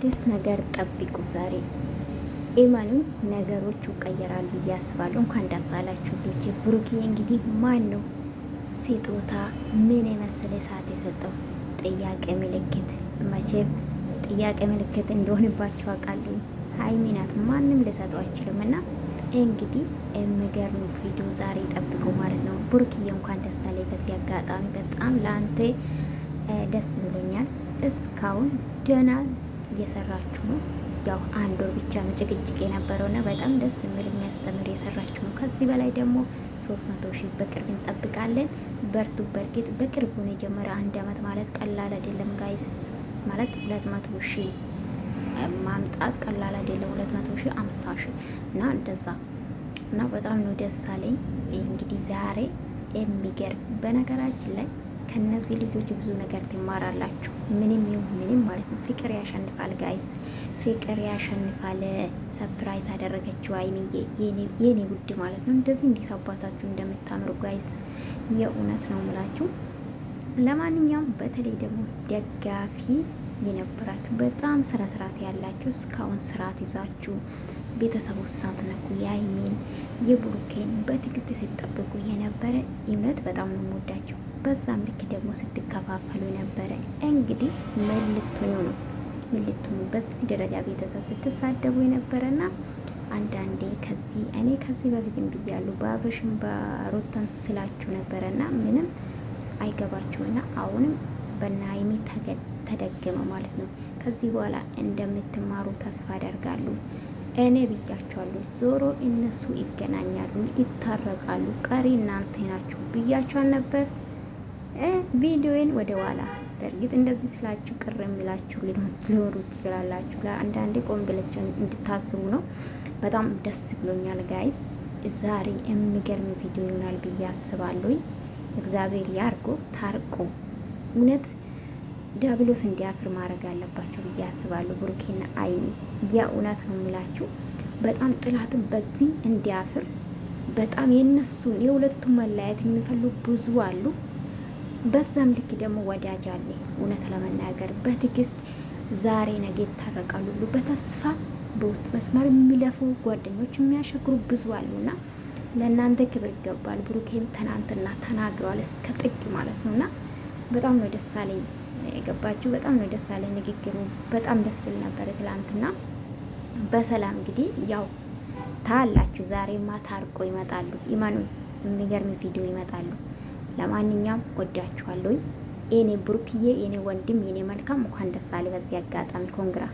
አዲስ ነገር ጠብቁ። ዛሬ ኤማኑ ነገሮቹ ቀየራሉ ብዬ እንኳን ደስ አላችሁ ልጆቼ። ብሩክዬ እንግዲህ ማን ነው ስጦታ ምን የመሰለ ሰዓት የሰጠው ጥያቄ ምልክት መቼም ጥያቄ ምልክት እንደሆንባቸው አውቃለሁ። ሀይሚ ናት፣ ማንም ልሰጠው አይችልም። እና እንግዲህ የሚገርም ቪዲዮ ዛሬ ጠብቁ ማለት ነው። ብሩክዬ እንኳን ደስ አለኝ። በዚህ አጋጣሚ በጣም ለአንተ ደስ ብሎኛል። እስካሁን ደህና እየሰራችሁ ነው። ያው አንድ ወር ብቻ ነው ጭቅጭቅ የነበረውና በጣም ደስ የሚል የሚያስተምር የሰራችሁ ነው። ከዚህ በላይ ደግሞ ሶስት መቶ ሺህ በቅርብ እንጠብቃለን። በርቱ። በእርግጥ በቅርቡ ነው የጀመረ አንድ አመት ማለት ቀላል አይደለም ጋይስ። ማለት ሁለት መቶ ሺህ ማምጣት ቀላል አይደለም። ሁለት መቶ ሺህ አምሳ ሺህ እና እንደዛ እና በጣም ነው ደስ አለኝ። እንግዲህ ዛሬ የሚገርም በነገራችን ላይ ከነዚህ ልጆች ብዙ ነገር ትማራላችሁ። ምንም ይሁን ምንም ማለት ነው ፍቅር ያሸንፋል ጋይስ፣ ፍቅር ያሸንፋል። ሰፕራይዝ አደረገችው አይንዬ የኔ ውድ ማለት ነው። እንደዚህ እንዴት አባታችሁ እንደምታምሩ ጋይስ፣ የእውነት ነው ምላችሁ። ለማንኛውም በተለይ ደግሞ ደጋፊ የነበራችሁ በጣም ስነ ስርዓት ያላችሁ እስካሁን ስርዓት ይዛችሁ ቤተሰቡ ሳትነኩ የአይሜን የቡሩኬን በትዕግስት ሲጠብቁ የነበረ እምነት በጣም ነው የምወዳቸው። በዛም ልክ ደግሞ ስትከፋፈሉ ነበረ። እንግዲህ ምን ልትሆኑ ነው? ምን ልትሆኑ በዚህ ደረጃ ቤተሰብ ስትሳደቡ የነበረና አንዳንዴ ከዚህ እኔ ከዚህ በፊትም ብያሉ በአብርሽም በሮተም ስላችሁ ነበረና ምንም አይገባችሁና አሁንም በናይሚ ተደገመ ማለት ነው። ከዚህ በኋላ እንደምትማሩ ተስፋ አደርጋሉ። እኔ ብያቸዋለሁ፣ ዞሮ እነሱ ይገናኛሉ፣ ይታረቃሉ። ቀሪ እናንተ ናችሁ ብያቸዋል ነበር። ቪዲዮን ወደ ኋላ በእርግጥ እንደዚህ ስላችሁ ቅር የሚላችሁ ሊኖሩ ትችላላችሁ። ለአንዳንዴ ቆም ብላችሁ እንድታስቡ ነው። በጣም ደስ ብሎኛል ጋይስ። ዛሬ የሚገርም ቪዲዮ ይሆናል ብዬ አስባለሁ። እግዚአብሔር ያርጎ ታርቆ እውነት ዲያብሎስ እንዲያፍር ማድረግ አለባቸው ብዬ አስባለሁ። ብሩኬና አይኒ የእውነት ነው የሚላችሁ በጣም ጥላትም በዚህ እንዲያፍር በጣም የእነሱን የሁለቱም መለያየት የሚፈልጉ ብዙ አሉ። በዛም ልክ ደግሞ ወዳጅ አለ። እውነት ለመናገር በትግስት ዛሬ ነገ ይታረቃሉ ሁሉ በተስፋ በውስጥ መስመር የሚለፉ ጓደኞች የሚያሸግሩ ብዙ አሉና ለእናንተ ክብር ይገባል። ብሩኬም ትናንትና ተናግረዋል እስከ ጥግ ማለት ነው። ነውና በጣም ነው ደስ አለኝ። የገባችሁ በጣም ነው ደስ አለኝ። ንግግሩ በጣም ደስ ይል ነበር ትላንትና። በሰላም እንግዲህ ያው ታላችሁ ዛሬማ ታርቆ ይመጣሉ። ኢማኑ የሚገርም ቪዲዮ ይመጣሉ። ለማንኛውም ወዳችኋለሁኝ። የኔ ብሩክዬ፣ የኔ ወንድም፣ የኔ መልካም እንኳን ደስ አለ። በዚህ አጋጣሚ ኮንግራ